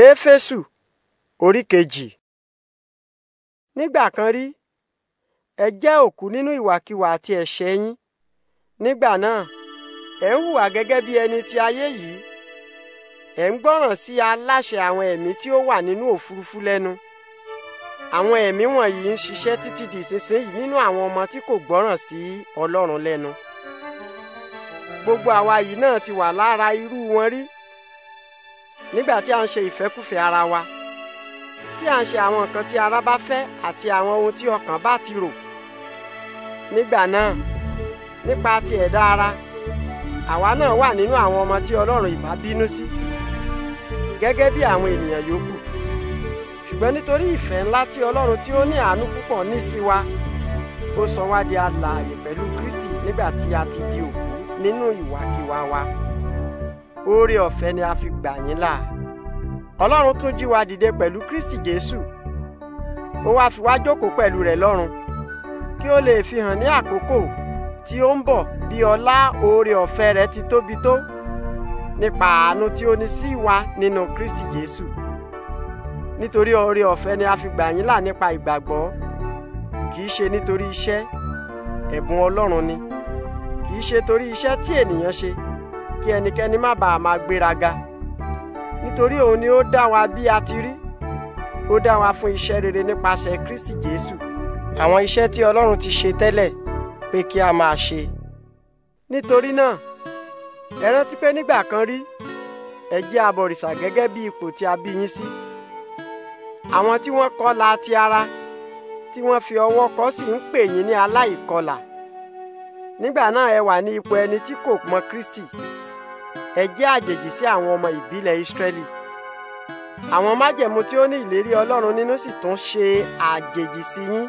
éfésù orí kejì nígbà kan rí ẹ jẹ́ òkú nínú ìwàkiwà àti ẹ̀ṣẹ̀ yín nígbà náà ẹ ń hùwà gẹ́gẹ́ bí ẹni ti ayé yìí ẹ ń gbọ́ràn sí aláṣẹ àwọn ẹ̀mí tí ó wà nínú òfurufú lẹ́nu àwọn ẹ̀mí wọ̀nyí ń ṣiṣẹ́ títí di ìsinsìnyí nínú àwọn ọmọ tí kò gbọ́ràn sí ọlọ́run lẹ́nu gbogbo àwa yìí náà ti wà lára irú wọn rí nígbà tí a ń ṣe ìfẹ́kùfẹ́ ara wa tí a ń ṣe àwọn nǹkan tí ara bá fẹ́ àti àwọn ohun tí ọkàn bá ti rò nígbà náà nípa ti ẹ̀dá ara àwa náà wà nínú àwọn ọmọ tí Ọlọ́run ìbá bínú sí gẹ́gẹ́ bí àwọn ènìyàn yòókù ṣùgbọ́n nítorí ìfẹ́ ńlá tí Ọlọ́run tí ó ní àánú púpọ̀ ní sí wa ó sọ wá di alààyè pẹ̀lú Kristi nígbà tí a ti di òkú nínú ìwàkiwà wa. wa oore ọ̀fẹ́ ni a fi gbà yín là ọlọ́run tún jí wa dìde pẹ̀lú kristi jésù ó wá fi wá jókòó pẹ̀lú rẹ̀ lọ́run kí ó lè fi hàn ní àkókò tí ó ń bọ̀ bí ọlá oore ọ̀fẹ́ rẹ̀ ti tóbi tó nípa àánú tí ó ní sí wa nínú kristi jésù nítorí oore ọ̀fẹ́ ni a fi gbà yín là nípa ìgbàgbọ́ kì í ṣe nítorí iṣẹ́ ẹ̀bùn ọlọ́run ni kì í ṣe torí iṣẹ́ tí ènìyàn ṣe kí ẹnikẹ́ni má bàa máa gbéraga nítorí òun ni ó dá wa bí a ti rí ó dá wa fún iṣẹ́ rere nípasẹ̀ Kristi Jésù àwọn iṣẹ́ tí Ọlọ́run ti ṣe tẹ́lẹ̀ pé kí a máa ṣe nítorí náà ẹ rántí pé nígbà kan rí ẹ jẹ́ abọ̀rìṣà gẹ́gẹ́ bí ipò tí a bí yín sí àwọn tí wọ́n kọlà ti ara tí wọ́n fi ọwọ́ kọ sì ń pè yín ní aláìkọlà nígbà náà ẹ wà ní ipò ẹni tí kò mọ Kristi ẹ jẹ́ àjèjì sí àwọn ọmọ ìbílẹ̀ Ísírẹ́lì àwọn májẹ̀mú tí ó ní ìlérí Ọlọ́run nínú sì tún ṣe àjèjì sí yín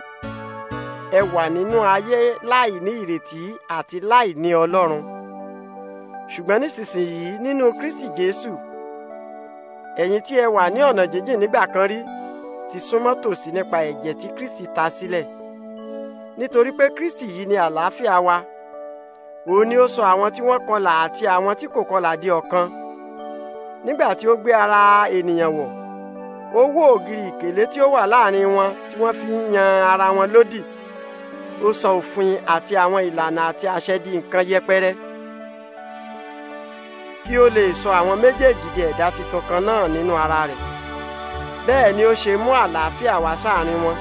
ẹ wà nínú ayé láì ní ìrètí àti láì ní Ọlọ́run ṣùgbọ́n nísinsìnyí nínú Kristi Jésù ẹ̀yin tí ẹ wà ní ọ̀nà jíjìn nígbà kan rí ti súnmọ́ tòsí nípa ẹ̀jẹ̀ tí Kristi ta sílẹ̀ nítorí pé Kristi yìí ni àlàáfíà wa òun ni ó sọ àwọn tí wọ́n kọlà àti àwọn tí kò kọlà di ọ̀kan nígbà tí ó gbé ara ènìyàn wọ̀ ó wó ògiri ìkélé tí ó wà láàrin wọn tí wọ́n fi ń yan ara wọn lódì ó sọ òfin àti àwọn ìlànà àti àṣẹ di nǹkan yẹpẹrẹ kí ó lè sọ àwọn méjèèjì di ẹ̀dá titun kan náà nínú ara rẹ̀ bẹ́ẹ̀ ni ó ṣe mú àlàáfíà wá sáàrin wọn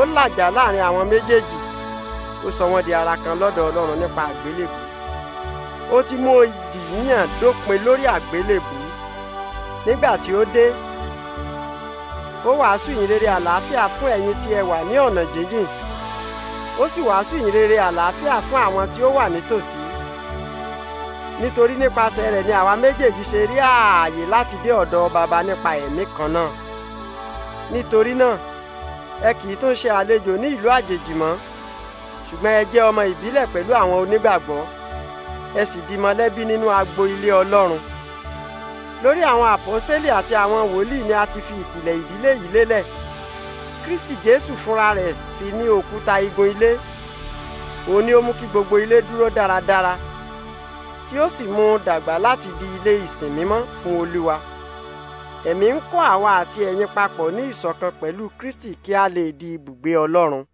ó làjà láàrin àwọn méjèèjì ó sọ wọ́n di ara kan lọ́dọ̀ ọlọ́run nípa àgbélébù ó ti mú ìdìyàn dópin lórí àgbélébù nígbà tí ó dé ó wàásù ìyìnrere àlàáfíà fún ẹ̀yin tí ẹ wà ní ọ̀nà jíjìn ó sì wàásù ìyìnrere àlàáfíà fún àwọn tí ó wà nítòsí nítorí nípasẹ̀ rẹ̀ ni àwa méjèèjì ṣe rí ààyè láti dé ọ̀dọ̀ bàbá nípa ẹ̀mí kan náà nítorí náà ẹ kì í tún ṣe àlejò ní ìlú àjèjì mọ́ ṣùgbọ́n ẹ jẹ́ ọmọ ìbílẹ̀ pẹ̀lú àwọn onígbàgbọ́ ẹ sì di mọ̀lẹ́bí nínú agbo ilé Ọlọ́run lórí àwọn àpọ́stélì àti àwọn wòlíì ni a ti fi ìpìlẹ̀ ìdílé yìí lélẹ̀ Kristi Jésù fúnra rẹ̀ sì ní òkúta igun ilé òun ni ó mú kí gbogbo ilé dúró dáradára tí ó sì mú un dàgbà láti di ilé ìsìn mímọ́ fún Olúwa ẹ̀mí ń kọ́ àwa àti ẹ̀yin papọ̀ ní ìṣọ̀kan pẹ̀lú Kristi kí a lè di ibùgbé Ọlọ́run